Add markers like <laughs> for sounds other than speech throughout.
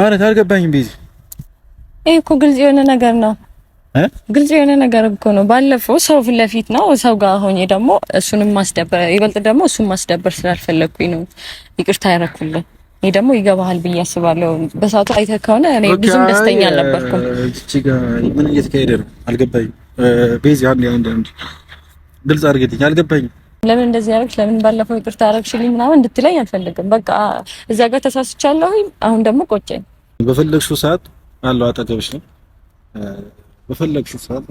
ማለት አልገባኝም። ቤዛ ይሄ እኮ ግልጽ የሆነ ነገር ነው። ግልጽ የሆነ ነገር እኮ ነው። ባለፈው ሰው ፊት ለፊት ነው ሰው ጋር ሆኜ ደግሞ እሱንም ማስደበር ይበልጥ ደግሞ እሱን ማስደበር ስላልፈለግኩኝ ነው ይቅርታ ያደረኩልን። ይሄ ደግሞ ይገባሃል ብዬ አስባለሁ። በሰዓቱ አይተህ ከሆነ እኔ ብዙም ደስተኛ አልነበርኩም። እቺ ጋር ምን እየተካሄደ ነው አልገባኝም። ቤዛ አንዴ አንዴ ግልጽ አድርጌልኝ አልገባኝም ለምን እንደዚህ ያደረግሽ፣ ለምን ባለፈው ይቅርታ አደረግሽልኝ ምናምን እንድትለኝ አልፈልግም። በቃ እዛ ጋር ተሳስቻለሁ። አሁን ደግሞ ቆጨኝ። በፈለግሽው ሰዓት አለው አጠገብሽ ነው። በፈለግሽው ሰዓት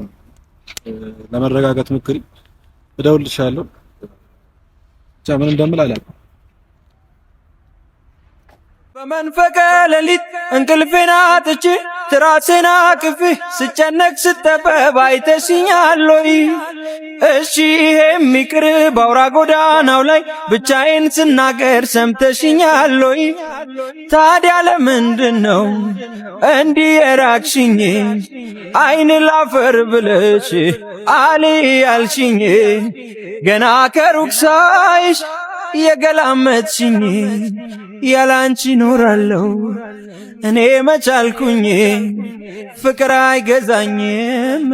ለመረጋጋት ሞክሪ። እደውልልሻለሁ። ብቻ ምን እንደምል አላውቅም። በመንፈቀ ሌሊት እንቅልፌን አጥቼ ትራሴን አቅፌ ስጨነቅ ስጠበብ አይተሽኛለይ። እሺ ይሄም ይቅር ባውራ ጎዳናው ላይ ብቻዬን ስናገር ሰምተሽኛለይ። ታዲያ ለምንድን ነው እንዲህ የራቅሽኝ? አይን ላፈር ብለሽ አሊ ያልሽኝ ገና ከሩቅ ሳይሽ የገላመችኝ ያላንቺ ኖራለሁ እኔ መቻልኩኝ ፍቅር አይገዛኝም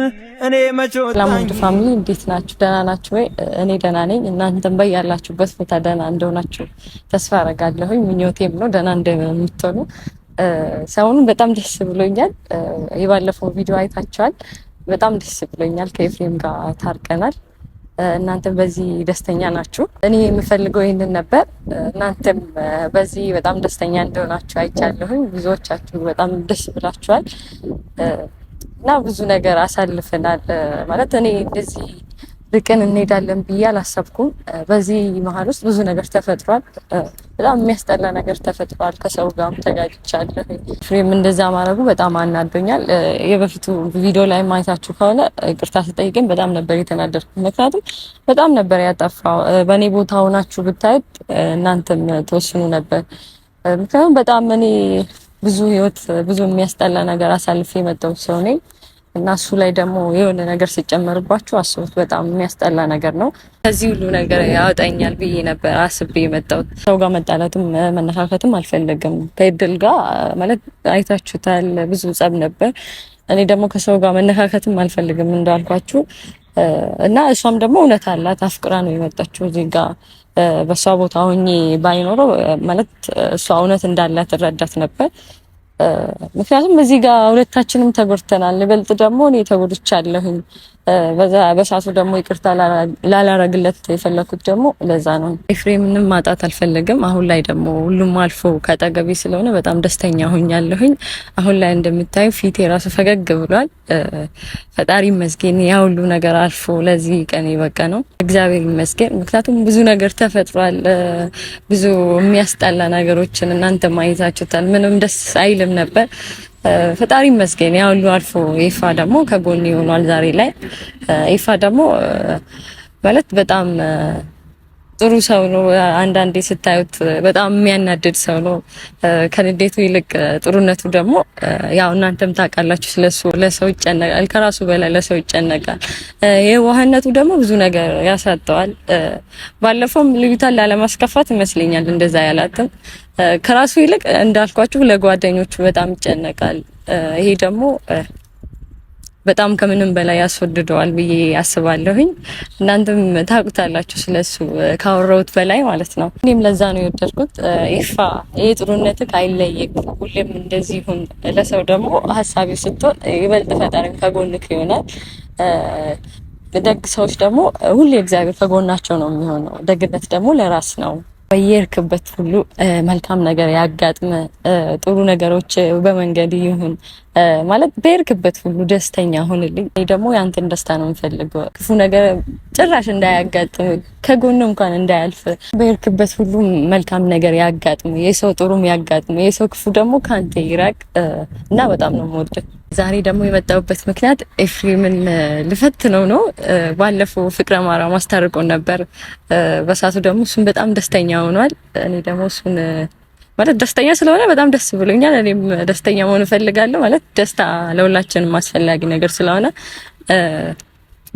እኔ መቾላሙድ ፋሚሊ እንዴት ናችሁ? ደህና ናችሁ ወይ? እኔ ደህና ነኝ። እናንተም በይ ያላችሁበት ቦታ ደህና እንደሆናችሁ ተስፋ አረጋለሁኝ። ምኞቴም ነው ደህና እንደምትሆኑ። ሰሞኑን በጣም ደስ ብሎኛል። የባለፈው ቪዲዮ አይታችኋል። በጣም ደስ ብሎኛል። ከኤፍሬም ጋር ታርቀናል። እናንተም በዚህ ደስተኛ ናችሁ። እኔ የምፈልገው ይህንን ነበር። እናንተም በዚህ በጣም ደስተኛ እንደሆናችሁ አይቻለሁኝ። ብዙዎቻችሁ በጣም ደስ ብላችኋል እና ብዙ ነገር አሳልፈናል ማለት እኔ እንደዚህ ርቀን እንሄዳለን ብዬ አላሰብኩም። በዚህ መሀል ውስጥ ብዙ ነገር ተፈጥሯል። በጣም የሚያስጠላ ነገር ተፈጥሯል። ከሰው ጋርም ተጋጭቻለሁ። ፍሬም እንደዛ ማድረጉ በጣም አናዶኛል። የበፊቱ ቪዲዮ ላይ ማየታችሁ ከሆነ ቅርታ ስጠይቅን በጣም ነበር የተናደድኩት። ምክንያቱም በጣም ነበር ያጠፋው። በእኔ ቦታ ሆናችሁ ብታዩት እናንተም ተወስኑ ነበር። ምክንያቱም በጣም እኔ ብዙ ህይወት ብዙ የሚያስጠላ ነገር አሳልፌ የመጣው ሰው ነኝ። እና እሱ ላይ ደግሞ የሆነ ነገር ሲጨመርባችሁ አስቡት። በጣም የሚያስጠላ ነገር ነው። ከዚህ ሁሉ ነገር ያወጣኛል ብዬ ነበር አስቤ የመጣሁት። ሰው ጋር መጣላትም መነካከትም አልፈለግም። ከድል ጋር ማለት አይታችሁታል፣ ብዙ ጸብ ነበር። እኔ ደግሞ ከሰው ጋር መነካከትም አልፈልግም እንዳልኳችሁ እና እሷም ደግሞ እውነት አላት። አፍቅራ ነው የመጣችው እዚህ ጋ። በእሷ ቦታ ሆኜ ባይኖረው ማለት እሷ እውነት እንዳላት እረዳት ነበር። ምክንያቱም እዚህ ጋር ሁለታችንም ተጎድተናል። ይበልጥ ደግሞ እኔ ተጎድቻለሁኝ። በዛ በሻቱ ደግሞ ይቅርታ ላላረግለት የፈለኩት ደግሞ ለዛ ነው። ምንም ማጣት አልፈለግም። አሁን ላይ ደግሞ ሁሉም አልፎ ከጠገቤ ስለሆነ በጣም ደስተኛ ሆኛለሁኝ። አሁን ላይ እንደምታዩ ፊቴ ራሱ ፈገግ ብሏል። ፈጣሪ ይመስገን፣ ያ ሁሉ ነገር አልፎ ለዚህ ቀን የበቃ ነው። እግዚአብሔር ይመስገን። ምክንያቱም ብዙ ነገር ተፈጥሯል። ብዙ የሚያስጠላ ነገሮችን እናንተ ማየታችሁታል። ምንም ደስ አይልም ነበር ፈጣሪ ይመስገን ያ ሁሉ አልፎ ኤፋ ደግሞ ከጎን ይሆኗል ዛሬ ላይ ኤፋ ደግሞ ማለት በጣም ጥሩ ሰው ነው። አንዳንዴ ስታዩት በጣም የሚያናድድ ሰው ነው። ከንዴቱ ይልቅ ጥሩነቱ ደግሞ ያው እናንተም ታውቃላችሁ፣ ስለሱ ለሰው ይጨነቃል፣ ከራሱ በላይ ለሰው ይጨነቃል። የዋህነቱ ደግሞ ብዙ ነገር ያሳጠዋል። ባለፈውም ልዩታን ላለማስከፋት ይመስለኛል እንደዛ ያላትም ከራሱ ይልቅ እንዳልኳችሁ ለጓደኞቹ በጣም ይጨነቃል። ይሄ ደግሞ በጣም ከምንም በላይ ያስወድደዋል ብዬ አስባለሁኝ። እናንተም ታውቁታላችሁ ስለሱ ካወራሁት በላይ ማለት ነው። እኔም ለዛ ነው የወደድኩት። ይፋ ይሄ ጥሩነትህ አይለየቅ፣ ሁሌም እንደዚህ ሁን። ለሰው ደግሞ ሀሳቢ ስትሆን ይበልጥ ፈጣሪም ከጎንክ ይሆናል። ደግ ሰዎች ደግሞ ሁሌ እግዚአብሔር ከጎናቸው ነው የሚሆነው። ደግነት ደግሞ ለራስ ነው። በየርክበት ሁሉ መልካም ነገር ያጋጥመ፣ ጥሩ ነገሮች በመንገድ ይሁን ማለት በሄድክበት ሁሉ ደስተኛ ሆንልኝ። እኔ ደግሞ ያንተን ደስታ ነው የምፈልገው። ክፉ ነገር ጭራሽ እንዳያጋጥም ከጎን እንኳን እንዳያልፍ፣ በሄድክበት ሁሉ መልካም ነገር ያጋጥም፣ የሰው ጥሩም ያጋጥም፣ የሰው ክፉ ደግሞ ከአንተ ይራቅ እና በጣም ነው የምወድህ። ዛሬ ደግሞ የመጣሁበት ምክንያት ኤፍሬምን ልፈት ነው ነው ባለፈው ፍቅረ ማርያም አስታርቆን ነበር። በሳቱ ደግሞ እሱን በጣም ደስተኛ ሆኗል። እኔ ደግሞ እሱን ማለት ደስተኛ ስለሆነ በጣም ደስ ብሎኛል። እኔም ደስተኛ መሆን እፈልጋለሁ። ማለት ደስታ ለሁላችንም አስፈላጊ ነገር ስለሆነ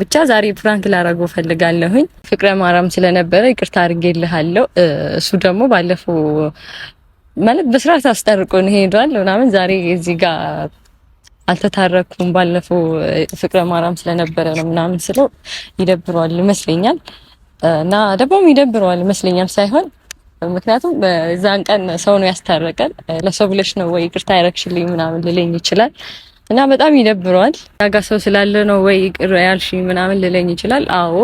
ብቻ ዛሬ ፕራንክ ላረገው ፈልጋለሁኝ። ፍቅረ ማርያም ስለነበረ ይቅርታ አድርጌልሃለሁ። እሱ ደግሞ ባለፈው ማለት በስርዓት አስጠርቆን ሄዷል ምናምን። ዛሬ እዚህ ጋር አልተታረኩም። ባለፈው ፍቅረ ማርያም ስለነበረ ነው ምናምን ስለው ይደብረዋል ይመስለኛል እና ደግሞ ይደብረዋል ይመስለኛል ሳይሆን ምክንያቱም በዛን ቀን ሰው ነው ያስታረቀን። ለሰው ብለሽ ነው ወይ ይቅርታ ያረግሽልኝ ምናምን ልለኝ ይችላል እና በጣም ይደብረዋል። ያጋ ሰው ስላለ ነው ወይ ይቅር ያልሽ ምናምን ልለኝ ይችላል። አዎ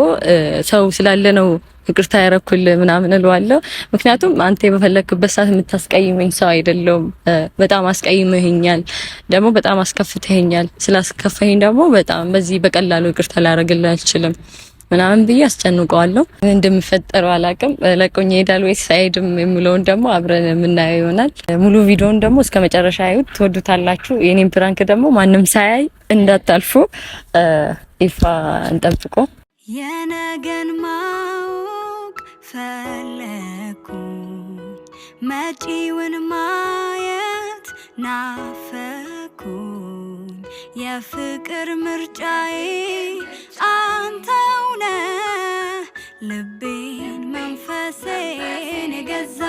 ሰው ስላለ ነው ይቅርታ ያረኩል ምናምን እለዋለሁ። ምክንያቱም አንተ በፈለግክበት ሰዓት የምታስቀይመኝ ሰው አይደለሁም። በጣም አስቀይመህኛል፣ ደግሞ በጣም አስከፍተኸኛል። ስላስከፈኝ ደግሞ በጣም በዚህ በቀላሉ ይቅርታ ላረግልህ አልችልም። ምናምን ብዬ አስጨንቀዋለሁ። እንደሚፈጠረው አላቅም። ለቆኝ ይሄዳል ወይስ አይሄድም የሚለውን ደግሞ አብረን የምናየው ይሆናል። ሙሉ ቪዲዮን ደግሞ እስከ መጨረሻ ያዩት ትወዱታላችሁ። የኔም ፕራንክ ደግሞ ማንም ሳያይ እንዳታልፉ። ይፋ እንጠብቆ የነገን ማወቅ ፈለኩ መጪውን ማየት ናፍ የፍቅር ምርጫዬ አንተው ነህ ልቤን መንፈሴን የገዛ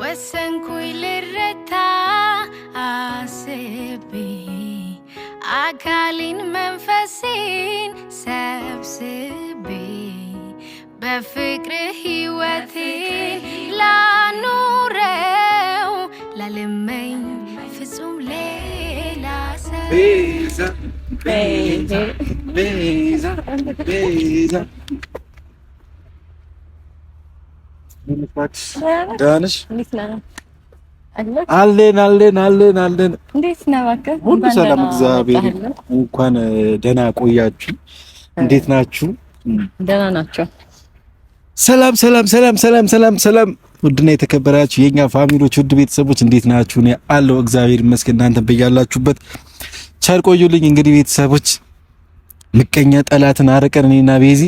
ወሰንኩኝ ልረታ አስቤ አካሌን መንፈሴን ሰብስቤ በፍቅር ሕይወቴ ላኑረው ላልመኝ ፍጹም ሌ ቤዛ ቤዛ ቤዛ አለን አለን አለን አለን። እንዴት ነው እባክህ? ሁሉ ሰላም እግዚአብሔር። እንኳን ደህና ቆያችሁ። እንዴት ናችሁ? ደህና ናቸው። ሰላም ሰላም ሰላም ሰላም ሰላም ሰላም። ውድና የተከበራችሁ የኛ ፋሚሊዎች፣ ውድ ቤተሰቦች እንዴት ናችሁ? እኔ አለሁ እግዚአብሔር ይመስገን። እናንተም በያላችሁበት ቸር ቆዩልኝ። እንግዲህ ቤተሰቦች ምቀኛ ጠላትን አርቀን እኔና ቤዚ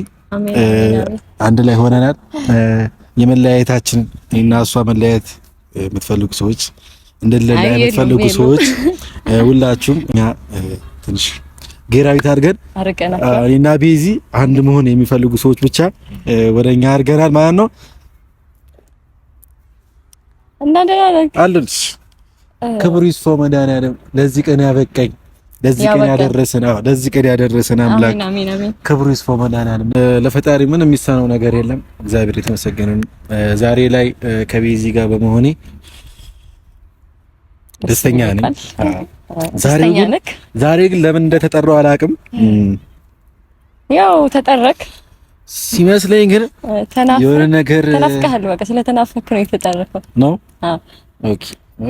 አንድ ላይ ሆነናል። የመለያየታችን እኔና እሷ መለያየት የምትፈልጉ ሰዎች እንደለለ የምትፈልጉ ሰዎች ሁላችሁም እኛ ትንሽ ጌራዊት አድርገን እኔና ቤዚ አንድ መሆን የሚፈልጉ ሰዎች ብቻ ወደ እኛ አድርገናል ማለት ነው። እና ደህና ነን አለን። ክብሩ ይስፋ መድኃኒዓለም ለዚህ ቀን ያበቃኝ ለዚህ ቀን ያደረሰን አዎ ለዚህ ቀን ያደረሰን አምላክ ክብሩ ይስፋው። መድኃኒዓለም ለፈጣሪ ምን የሚሳነው ነገር የለም። እግዚአብሔር የተመሰገነን። ዛሬ ላይ ከቤዚ ጋር በመሆኔ ደስተኛ ነኝ። ዛሬ ግን ዛሬ ግን ለምን እንደተጠራው አላውቅም። ያው ተጠረክ ሲመስለኝ ግን የሆነ ነገር ተናፍቀሃል። በቃ ስለተናፈክ ነው የተጠረፈው ነው። ኦኬ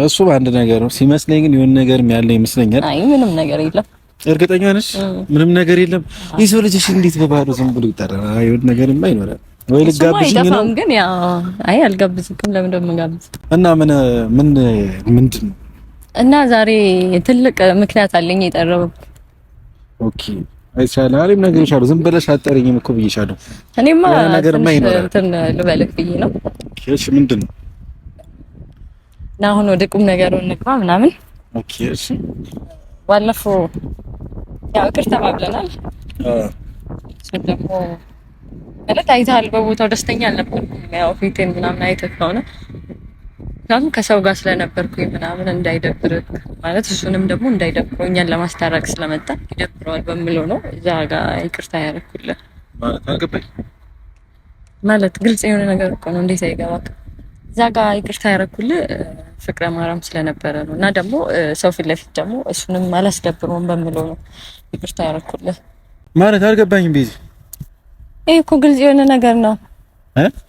እሱ በአንድ ነገር ነው ሲመስለኝ፣ ግን የሆነ ነገር ያለ ይመስለኛል። አይ ምንም ነገር የለም። እርግጠኛ ነሽ? ምንም ነገር የለም። የሰው ልጅሽ እንዴት በባዶ ዝም ብሎ ይጠራል? አይ የሆነ ነገርማ ይኖራል። ወይ ልጋብዝኝ ነው ግን ያ አይ አልጋብዝክም። ለምን ደም ጋብዝ እና ምን ምን ምንድን ነው እና ዛሬ ትልቅ ምክንያት አለኝ የጠረበው። ኦኬ አይቻለ አሪም ነገር ይሻሉ። ዝም ብለሽ አጠሪኝም እኮ ብዬሻለሁ። እኔማ ነገር ልበልክ ብዬ ነው። እሺ ምንድን ነው እና አሁን ወደ ቁም ነገሩ እንግባ ምናምን። ኦኬ እሺ። ባለፈው ያው ይቅር ተባብለናል። ደግሞ ማለት አይተሃል፣ በቦታው ደስተኛ አልነበርኩም። ያው ፊቴን ምናምን አይተህ ከሆነ ምክንያቱም ከሰው ጋር ስለነበርኩኝ ምናምን እንዳይደብር ማለት እሱንም ደግሞ እንዳይደብረው እኛን ለማስታረቅ ስለመጣ ይደብረዋል በምለው ነው እዛ ጋር ይቅርታ ያደረኩልህ። ማለት አልገባኝ ማለት ግልጽ የሆነ ነገር እኮ ነው። እንዴት አይገባክ? እዛ ጋር ይቅርታ ያደረኩልህ ፍቅረ ማርያም ስለነበረ ነው። እና ደግሞ ሰው ፊት ለፊት ደግሞ እሱንም አላስደብረውም በምለው ነው ይቅርታ ያደረኩልህ። ማለት አልገባኝም ቤዚ ይህ እኮ ግልጽ የሆነ ነገር ነው።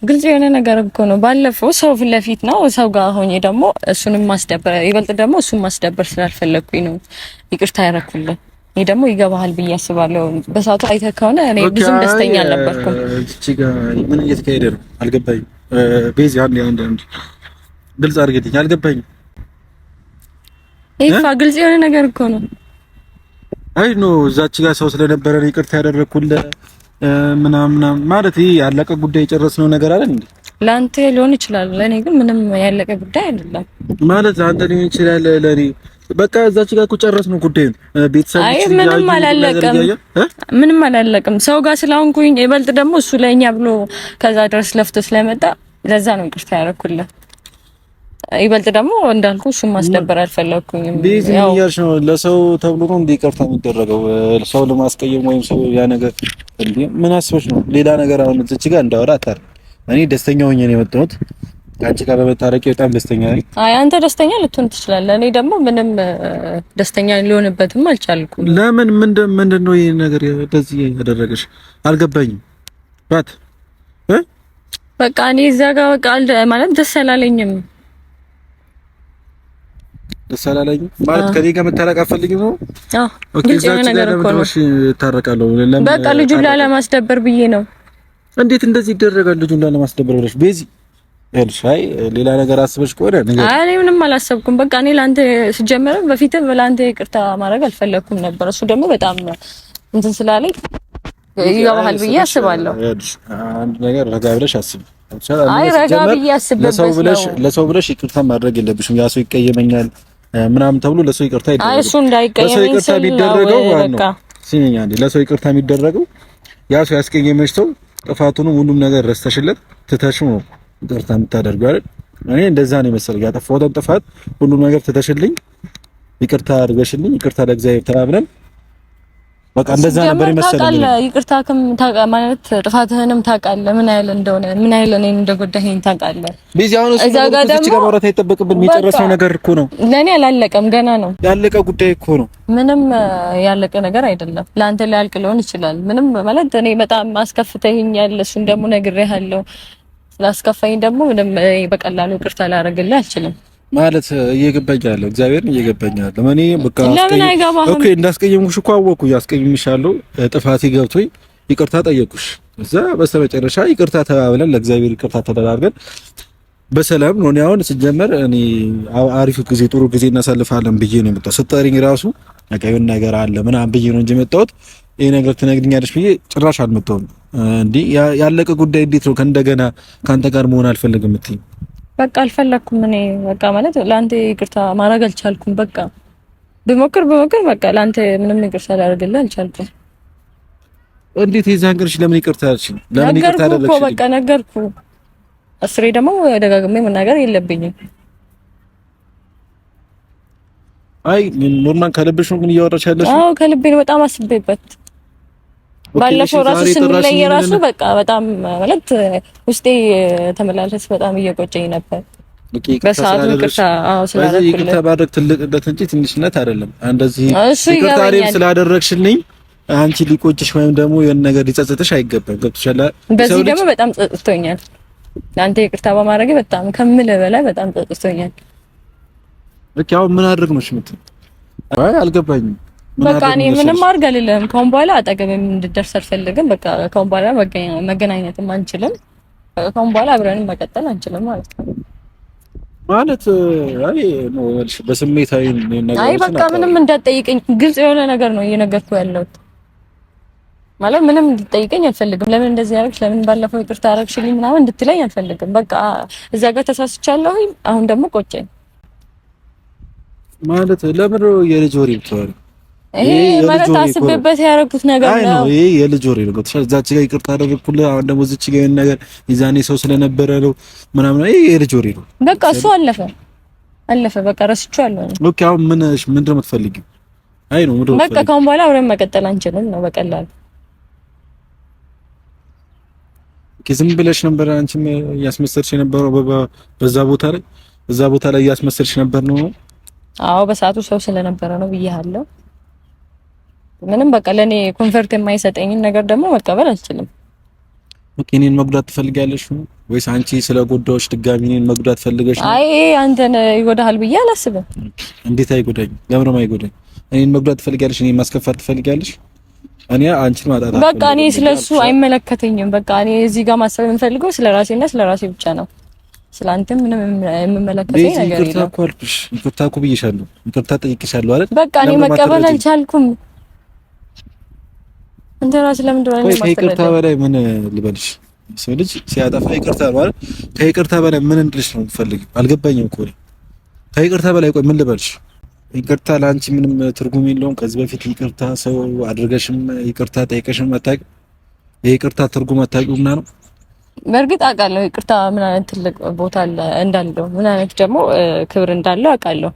ግልጽ የሆነ ነገር እኮ ነው። ባለፈው ሰው ፊት ለፊት ነው ሰው ጋር ሆኜ ደግሞ እሱንም ማስደበር ይበልጥ ደግሞ እሱን ማስደበር ስላልፈለግኩኝ ነው ይቅርታ ያደረኩልህ። እኔ ደግሞ ይገባሃል ብዬ አስባለሁ። በሰዓቱ አይተህ ከሆነ እኔ ብዙም ደስተኛ አልነበርኩም። እቺ ጋር ምን እየተካሄደ ነው አልገባኝም አንድ አንድ አንድ ግልጽ አድርግልኝ። አልገባኝም። ይፋ ግልጽ የሆነ ነገር እኮ ነው። አይ ኖ እዛች ጋር ሰው ስለነበረ ይቅርታ ያደረኩልህ ምናምን ማለት ይሄ ያለቀ ጉዳይ የጨረስነው ነገር አለ እንዴ? ለአንተ ሊሆን ይችላል፣ ለእኔ ግን ምንም ያለቀ ጉዳይ አይደለም። ማለት ለአንተ ሊሆን ይችላል፣ ለእኔ በቃ እዛች ጋር እኮ ጨረስነው ጉዳይ ቤተሰብ አይ ምንም አላለቀም፣ ምንም አላለቀም። ሰው ጋር ስላሁን ይበልጥ ደግሞ እሱ ለእኛ ብሎ ከዛ ድረስ ለፍቶ ስለመጣ ለዛ ነው ይቅርታ ያደረኩልህ። ይበልጥ ደግሞ እንዳልኩ እሱን ማስደበር አልፈለኩኝም። ቤዚያሽ ነው ለሰው ተብሎ ነው እንደ ይቅርታ የሚደረገው ሰው ለማስቀየም ወይም ሰው ያ ነገር እንዴ ምን አስበሽ ነው? ሌላ ነገር አሁን እዚች ጋር እንዳወራ አታር እኔ ደስተኛ ሆኜ ነው የመጣሁት። አንቺ ጋር በመታረቂ በጣም ደስተኛ ነኝ። አይ አንተ ደስተኛ ልትሆን ትችላለህ። እኔ ደግሞ ምንም ደስተኛ ሊሆንበትም አልቻልኩም። ለምን ምንድን ምንድን ነው ይሄ ነገር እንደዚህ ያደረገሽ? አልገባኝም ባት በቃ እኔ እዛ ጋር በቃ ማለት ደስ አላለኝም። ደስ አላለኝም ማለት ከኔ ጋር መታረቅ አትፈልጊም ነው? አዎ ግልጽ የሆነ ነገር እኮ ነው። እሺ እታረቃለሁ። በቃ ልጁን ላለማስደበር ብዬ ነው። እንዴት እንደዚህ ይደረጋል? ልጁን ላለማስደበር ብለሽ ቤዚ ያልሽ ሌላ ነገር አስበሽ ከሆነ ነገር አይ፣ ምንም አላሰብኩም። በቃ እኔ ላንተ ስጀመረ በፊት ላንተ ይቅርታ ማድረግ አልፈለኩም ነበር። እሱ ደግሞ በጣም እንትን ስላለኝ ይገባሃል ብዬ አስባለሁ። አንድ ነገር ረጋ ብለሽ አስቢ። አይ ረጋ ብዬ ብለሽ ለሰው ብለሽ ይቅርታ ማድረግ የለብሽም። ያ ሰው ይቀየመኛል ምናምን ተብሎ ለሰው ይቅርታ ይደረጋል። እሱ እንዳይቀየም ለሰው ይቅርታ የሚደረገው ማለት ሲኛ እንዴ ለሰው ይቅርታ የሚደረገው ያ ሰው ያስቀየመሽ ሰው ጥፋቱን ሁሉም ነገር ረስተሽለት ትተሽ ነው ይቅርታ የምታደርገው አይደል? እኔ እንደዛ ነው የመሰለኝ። ያጠፋሁትን ጥፋት ሁሉም ነገር ትተሽልኝ ይቅርታ አድርገሽልኝ ይቅርታ ለእግዚአብሔር ተባብለን በቃ እንደዛ ነበር ይመስላል። ታቃ ማለት ጥፋትህንም ታውቃለህ፣ ምን ያህል እንደሆነ ምን ያህል እኔን እንደጎዳኸኝ ታውቃለህ። ቢዚ አሁን እሱ ጋር ወራት አይጠበቅብንም። የሚጨርሰው ነገር እኮ ነው፣ ለኔ አላለቀም፣ ገና ነው። ያለቀ ጉዳይ እኮ ነው። ምንም ያለቀ ነገር አይደለም። ለአንተ ሊያልቅ ሊሆን ይችላል። ምንም ማለት እኔ በጣም አስከፍተኸኛል፣ እሱን ደግሞ ነግሬሃለሁ። ስላስከፋኝ ደግሞ ምንም በቀላሉ ይቅርታ ላደርግልህ አልችልም። ማለት እየገባኝ ያለው እግዚአብሔርን እየገባኝ ያለው እኔ በቃ ኦኬ፣ እንዳስቀየምኩሽ እኮ አወቅኩ። ያስቀየምሻለሁ ጥፋቴ ገብቶኝ ይቅርታ ጠየቁሽ። እዛ በስተመጨረሻ ይቅርታ ተባብለን ለእግዚአብሔር ይቅርታ ተደራርገን በሰላም ነው። እኔ አሁን ስጀመር እኔ አሪፍ ጊዜ ጥሩ ጊዜ እናሳልፋለን ብዬ ነው የመጣሁት። ስጠሪኝ ራሱ አቀዩን ነገር አለ ምናምን ብዬ ነው እንጂ የመጣሁት ይሄ ነገር ትነግድኛለሽ ብዬ ጭራሽ አልመጣሁም። እንዲህ ያለቀ ጉዳይ እንዴት ነው ከእንደገና ከአንተ ጋር መሆን አልፈልግም እትዬ በቃ አልፈለኩም። እኔ በቃ ማለት ለአንተ ይቅርታ ማድረግ አልቻልኩም። በቃ ብሞክር ብሞክር በቃ ለአንተ ምንም ይቅርታ ላደርግልህ አልቻልኩም። እንዴት የዛን ቀን ለምን ይቅርታ አልሽኝ? ለምን ይቅርታ አደረግሽ? በቃ ነገርኩ። አስሬ ደግሞ ደጋግሜ መናገር የለብኝም። አይ ኖርማል ከልብሽ ነው ግን እያወራሽ ያለሽ? አዎ ከልቤ ነው። በጣም አስቤበት ባለፈው ራሱ ስንለይ ራሱ በቃ በጣም ማለት ውስጤ ተመላለስ በጣም እየቆጨኝ ነበር። በሰዓቱ ይቅርታ ማድረግ ትልቅነት እንጂ ትንሽነት አይደለም። እንደዚህ ይቅርታ ስላደረግሽልኝ አንቺ ሊቆጭሽ ወይም ደግሞ የሆነ ነገር ሊጸጽጥሽ አይገባም። ገብቶሻል? በዚህ ደግሞ በጣም ጸጽቶኛል። አንተ ይቅርታ በማድረግ በጣም ከምልህ በላይ በጣም ጸጽቶኛል። ልክ ምን አድርግ ነው ሽምት አይ አልገባኝም በቃ እኔ ምንም አድርግ አልልህም። ከአሁን በኋላ አጠገብም እንድትደርስ አልፈልግም። በቃ ከአሁን በኋላ መገናኘትም አንችልም። ከአሁን በኋላ አብረንም መቀጠል አንችልም ማለት ነው። ማለት አይ ነው እሺ፣ በስሜታዊ ነገር አይ፣ በቃ ምንም እንዳትጠይቀኝ ግልጽ የሆነ ነገር ነው እየነገርኩ ያለሁት። ማለት ምንም እንድትጠይቀኝ አልፈልግም። ለምን እንደዚህ ያደረግሽ፣ ለምን ባለፈው ይቅርታ አደረግሽልኝ ምናምን እንድትለኝ አልፈልግም። በቃ እዛ ጋር ተሳስቻለሁ። አሁን ደግሞ ቆጨኝ ማለት ለምን የልጅ ወሬ ብትወሪ ይሄ ማለት አስቤበት ያደረኩት ነገር ነው። ይሄ የልጅ ወሬ ነው። ገብቶሻል። እዛች ጋር ይቅርታ አደረግኩልህ፣ አሁን ደግሞ እዚች ጋር ይሄን ነገር ይዛኔ ሰው ስለነበረ ነው ምናምን። ይሄ የልጅ ወሬ ነው። በቃ እሱ አለፈ አለፈ። በቃ ረስቼዋለሁ። ኦኬ። አሁን ምን ምንድን ነው የምትፈልጊው? አይ ነው ምንድን ነው በቃ ከአሁን በኋላ አብረን መቀጠል አንችልም ነው በቀላሉ። ዝም ብለሽ ነበር አንቺም እያስመሰልሽ የነበረው በዛ ቦታ ላይ እዛ ቦታ ላይ እያስመሰልሽ ነበር ነው። አዎ፣ በሰዓቱ ሰው ስለነበረ ነው ብዬሃለሁ። ምንም በቃ ለኔ ኮንፈርት የማይሰጠኝን ነገር ደግሞ መቀበል አልችልም። ኦኬ እኔን መጉዳት ትፈልጋለሽ ወይስ አንቺ ስለጎዳዎች ድጋሚ እኔን መጉዳት ፈልገሽ? አይ አንተን ይጎዳሃል ብዬ አላስብም። እንዴት አይጎዳኝ? ለምንም አይጎዳኝ። እኔን መጉዳት ትፈልጋለሽ? እኔን ማስከፋት ትፈልጋለሽ? እኔ አንቺን ማጣጣት በቃ እኔ ስለሱ አይመለከተኝም። በቃ እኔ እዚህ ጋር ማሰብ የምፈልገው ስለ ራሴ ብቻ ነው። ስለአንተ ምንም የምመለከተኝ ነገር የለም። ይቅርታ እኮ አልኩሽ፣ ይቅርታ እኮ ብዬሻለሁ፣ ይቅርታ ጠይቄሻለሁ አይደል? በቃ እኔ መቀበል አልቻልኩም። እንትናች ከይቅርታ በላይ ምን ልበልሽ? ሰው ልጅ ሲያጠፋ ይቅርታ ነው ከይቅርታ በላይ ምን እንድልሽ ነው የምትፈልጊው? አልገባኝም እኮ ከይቅርታ በላይ ቆይ ምን ልበልሽ? ይቅርታ ለአንቺ ምንም ትርጉም የለውም። ከዚህ በፊት ይቅርታ ሰው አድርገሽም ይቅርታ ጠይቀሽም አታውቂም። የይቅርታ ትርጉም አታውቂው ምና ነው። በእርግጥ አውቃለሁ ይቅርታ ምን አይነት ትልቅ ቦታ እንዳለው ምን አይነት ደግሞ ክብር እንዳለው አውቃለሁ።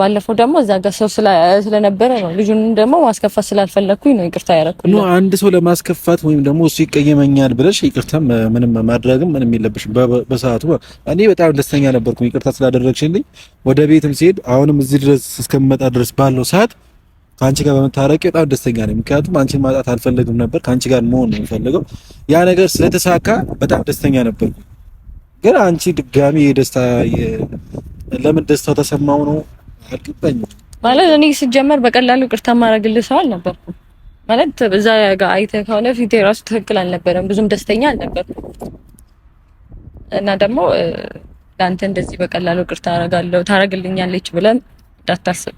ባለፈው ደግሞ እዛ ጋር ሰው ስለነበረ ነው። ልጁን ደግሞ ማስከፋት ስላልፈለኩኝ ነው ይቅርታ ያደረኩት። አንድ ሰው ለማስከፋት ወይም ደግሞ እሱ ይቀየመኛል ብለሽ ይቅርታ ምንም ማድረግም ምንም የለብሽም። በሰዓቱ እኔ በጣም ደስተኛ ነበርኩኝ ይቅርታ ስላደረግሽልኝ። ወደ ቤትም ሲሄድ አሁንም እዚህ ድረስ እስከምመጣ ድረስ ባለው ሰዓት ከአንቺ ጋር በመታረቂ በጣም ደስተኛ ነኝ። ምክንያቱም አንቺን ማጣት አልፈልግም ነበር፣ ከአንቺ ጋር መሆን ነው ያ ነገር ስለተሳካ በጣም ደስተኛ ነበርኩ። ግን አንቺ ድጋሚ የደስታ ለምን ደስታው ተሰማው ነው ማለት እኔ ስጀመር በቀላሉ ቅርታ ማረግልህ ሰው አልነበርኩም። ማለት በዛ ጋር አይተህ ከሆነ ፊቴ ራሱ ትክክል አልነበረም፣ ብዙም ደስተኛ አልነበርኩም። እና ደግሞ ለአንተ እንደዚህ በቀላሉ ቅርታ አረጋለሁ ታረግልኛለች ብለን እንዳታስብ።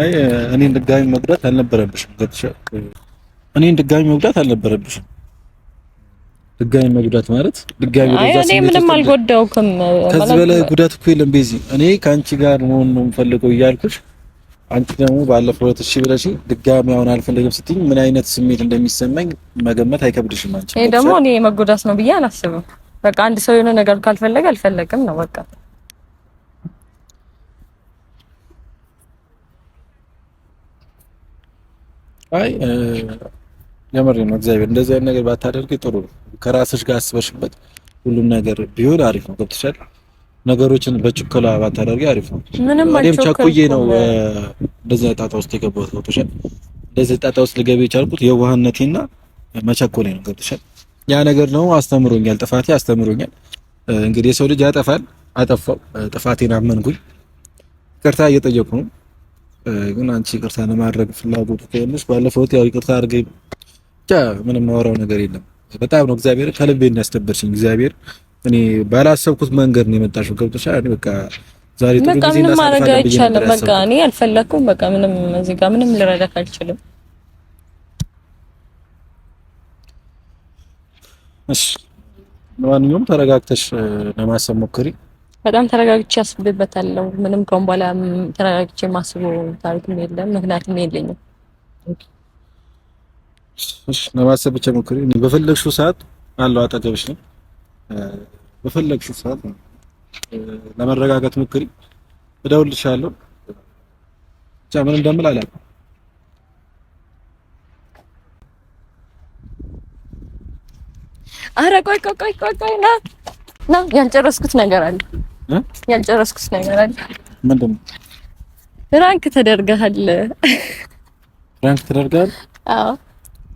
አይ እኔን ድጋሚ መጉዳት አልነበረብሽም። እኔን ድጋሚ መጉዳት አልነበረብሽም። ድጋሚ መጉዳት ማለት ድጋሚ ወደዛ እኔ ምንም አልጎዳውኩም። ከዚህ በላይ ጉዳት እኮ የለም ቤዚ። እኔ ከአንቺ ጋር መሆን ነው የምፈልገው እያልኩሽ አንቺ ደግሞ ባለፈው ዕለት እሺ ብለሽ ድጋሚ አሁን አልፈልግም ስትኝ ምን አይነት ስሜት እንደሚሰማኝ መገመት አይከብድሽም አንቺ። እኔ ደግሞ እኔ መጎዳት ነው ብዬ አላስብም። በቃ አንድ ሰው የሆነ ነገር ካልፈለገ አልፈለግም ነው በቃ። አይ የምሬን ነው። እግዚአብሔር እንደዚህ አይነት ነገር ባታደርግ ጥሩ ነው። ከራስሽ ጋር አስበሽበት ሁሉም ነገር ቢሆን አሪፍ ነው። ገብተሻል? ነገሮችን በችኮላ ባታደርጊ አሪፍ ነው። ምንም እኔም ቸኩዬ ነው እንደዚህ ጣጣ ውስጥ የገባሁት። ገብተሻል? እንደዚህ ጣጣ ውስጥ ልገባ የቻልኩት የዋህነቴና መቸኮሌ ነው። ገብተሻል? ያ ነገር ነው አስተምሮኛል። ጥፋቴ አስተምሮኛል። እንግዲህ የሰው ልጅ ያጠፋል። አጠፋው። ጥፋቴን አመንኩኝ። ይቅርታ እየጠየቁ ነው። ግን አንቺ ይቅርታ ለማድረግ ፍላጎቱ ከሆነሽ ባለፈው ያው ይቅርታ አድርገኝ ብቻ ምንም ማወራው ነገር የለም። በጣም ነው እግዚአብሔር ከልቤ እንዳስደበርሽኝ እግዚአብሔር እኔ ባላሰብኩት መንገድ ነው የመጣሽው። ገብቶሻል። እኔ በቃ ዛሬ ጥሩ ጊዜ ምንም ማድረግ አይቻልም። በቃ እኔ አልፈለኩም። በቃ ምንም እዚህ ጋር ምንም ልረዳክ አልችልም። እሺ፣ ለማንኛውም ተረጋግተሽ ለማሰብ ሞክሪ። በጣም ተረጋግቼ አስቤበታለሁ። ምንም ከሆነ በኋላ ተረጋግቼ ማስበው ታሪክም የለም ምክንያቱም የለኝም። ኦኬ ለማሰብ ብቻ ሞክሪ። በፈለግሽው ሰዓት አለው አጠገብሽ ነው። በፈለግሽው ሰዓት ለመረጋጋት ሞክሪ። እደውልልሻለሁ። ብቻ ምን እንደምል አላውቅም። አረ ቆይ ቆይ ቆይ ቆይ ቆይ ና ና፣ ያልጨረስኩት ነገር አለ ያልጨረስኩት ነገር አለ። ምንድን ነው? ፍራንክ ተደርገሃል። ፍራንክ ተደርገሃል? አዎ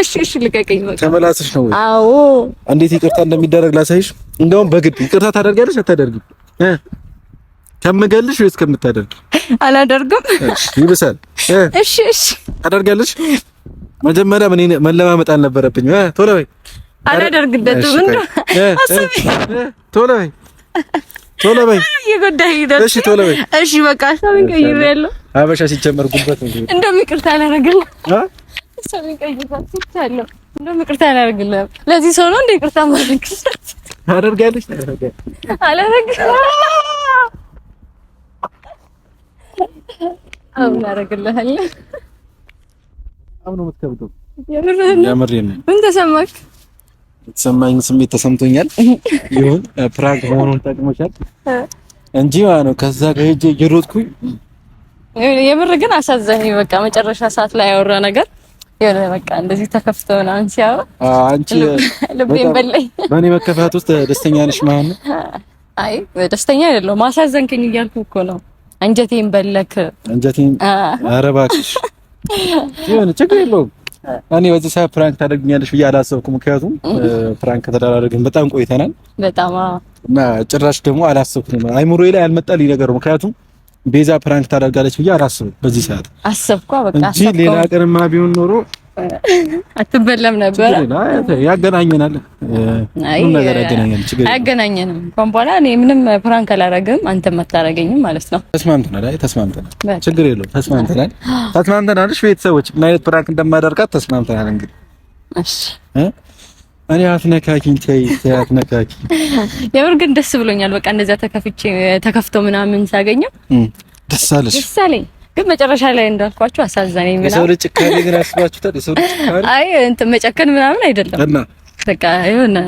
እሺ፣ እሺ፣ ልቀቀኝ። በቃ ተመላስሽ ነው ወይ? አዎ። እንዴት ይቅርታ እንደሚደረግ ላሳይሽ። እንደውም በግድ ይቅርታ ታደርጊያለሽ አታደርጊም? ከምገልሽ ወይስ ከምታደርጊ? አላደርግም። ይብሳል። እሺ፣ እሺ፣ ታደርጊያለሽ። መጀመሪያ ምን መለማመጥ አልነበረብኝ? ቶሎ በይ። አላደርግለትም። እንደው አስቢ። ቶሎ በይ፣ ቶሎ በይ። እየጎዳኝ ነው። እሺ፣ ቶሎ በይ። እሺ፣ በቃ ሀሳቤን ቀይሬያለሁ። አበሻ ሲጀመር ጉበት እንዴ እንደውም ይቅርታ አላደርግልም እንደውም ይቅርታ አላደርግልህም። ለዚህ ሰው ነው እንደ ይቅርታ ምን የተሰማኝ ስሜት ተሰምቶኛል። ይሁን ፕራንክ መሆኑን ጠቅሞሻል እንጂ ማለት ነው ከዛ ጋር ሄጄ እየሮጥኩኝ የምር ግን አሳዘኝ። በቃ መጨረሻ ሰዓት ላይ ያወራ ነገር የሆነ በቃ እንደዚህ ተከፍቶ ምናምን ሲያው አንቺ ልቤን በእኔ መከፋት ውስጥ ደስተኛ ነሽ ማለት ነው? አይ ደስተኛ አይደለሁም። ማሳዘንከኝ እያልኩ እኮ ነው። አንጀቴን በለክ። አንጀቴን ኧረ እባክሽ የሆነ ችግር የለውም። እኔ በዚህ ሰዓት ፕራንክ ታደርግኛለሽ ብዬ አላሰብኩም። ምክንያቱም ፕራንክ ከተደራረግን በጣም ቆይተናል። በጣም እና ጭራሽ ደግሞ አላሰብኩም። አይምሮዬ ላይ አልመጣልኝ ነገሩ ምክንያቱም ቤዛ ፕራንክ ታደርጋለች ብዬ አላስብም። በዚህ ሰዓት አሰብኳ በቃ እንጂ ሌላ ቀርማ ቢሆን ኖሮ አትበለም ነበር። ያገናኘናል፣ ነገር ያገናኘናል። ችግር አያገናኘንም። እንኳን በኋላ እኔ ምንም ፕራንክ አላረግም፣ አንተ አታረገኝም ማለት ነው። ተስማምተናል። አይ ተስማምተናል፣ ችግር የለውም። ተስማምተናል፣ ተስማምተናል። እሺ ቤተሰቦች፣ ምን አይነት ፕራንክ እንደማደርጋት ተስማምተናል። እንግዲህ እሺ እ እኔ አትነካኪኝ፣ ተይ ተይ አትነካኪኝ። <laughs> የምር ግን ደስ ብሎኛል። በቃ እንደዛ ተከፍቼ ተከፍቶ ምናምን ሳገኘው ደስ አለሽ? ደስ አለኝ። ግን መጨረሻ ላይ እንዳልኳችሁ አሳዘነኝ ምናምን። የሰው ልጅ ጭካኔ ግን አስባችሁታል? የሰው ልጅ ጭካኔ <laughs> አይ እንትን መጨከን ምናምን አይደለም እና በቃ የሆነ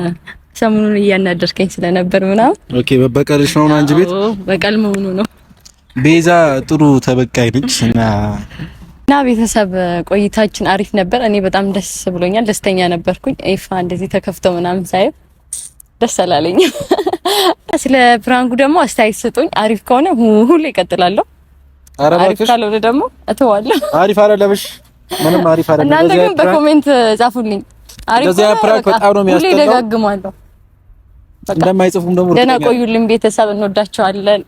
ሰሞኑን እያናደርከኝ ስለነበር ምናምን። ኦኬ በበቀልሽ ነው አንቺ ቤት በቀል መሆኑ ነው። ቤዛ ጥሩ ተበቃይ ልጅ እና እና ቤተሰብ ቆይታችን አሪፍ ነበር። እኔ በጣም ደስ ብሎኛል፣ ደስተኛ ነበርኩኝ። ኤፋ እንደዚህ ተከፍቶ ምናምን ሳይሆን ደስ አላለኝ። <laughs> ስለ ፕራንኩ ደግሞ አስተያየት ስጡኝ። አሪፍ ከሆነ ሁሉ ይቀጥላለሁ፣ አሪፍ ካልሆነ ደግሞ እተዋለሁ። አሪፍ አይደለምሽ፣ ምንም አሪፍ አይደለም። እናንተ ግን በኮሜንት ጻፉልኝ። አሪፍ ፕራንክ በጣም ነው የሚያስጠላው። ይደጋግማለሁ። እንደማይጽፉም ደግሞ ደህና ቆዩልን ቤተሰብ፣ እንወዳቸዋለን።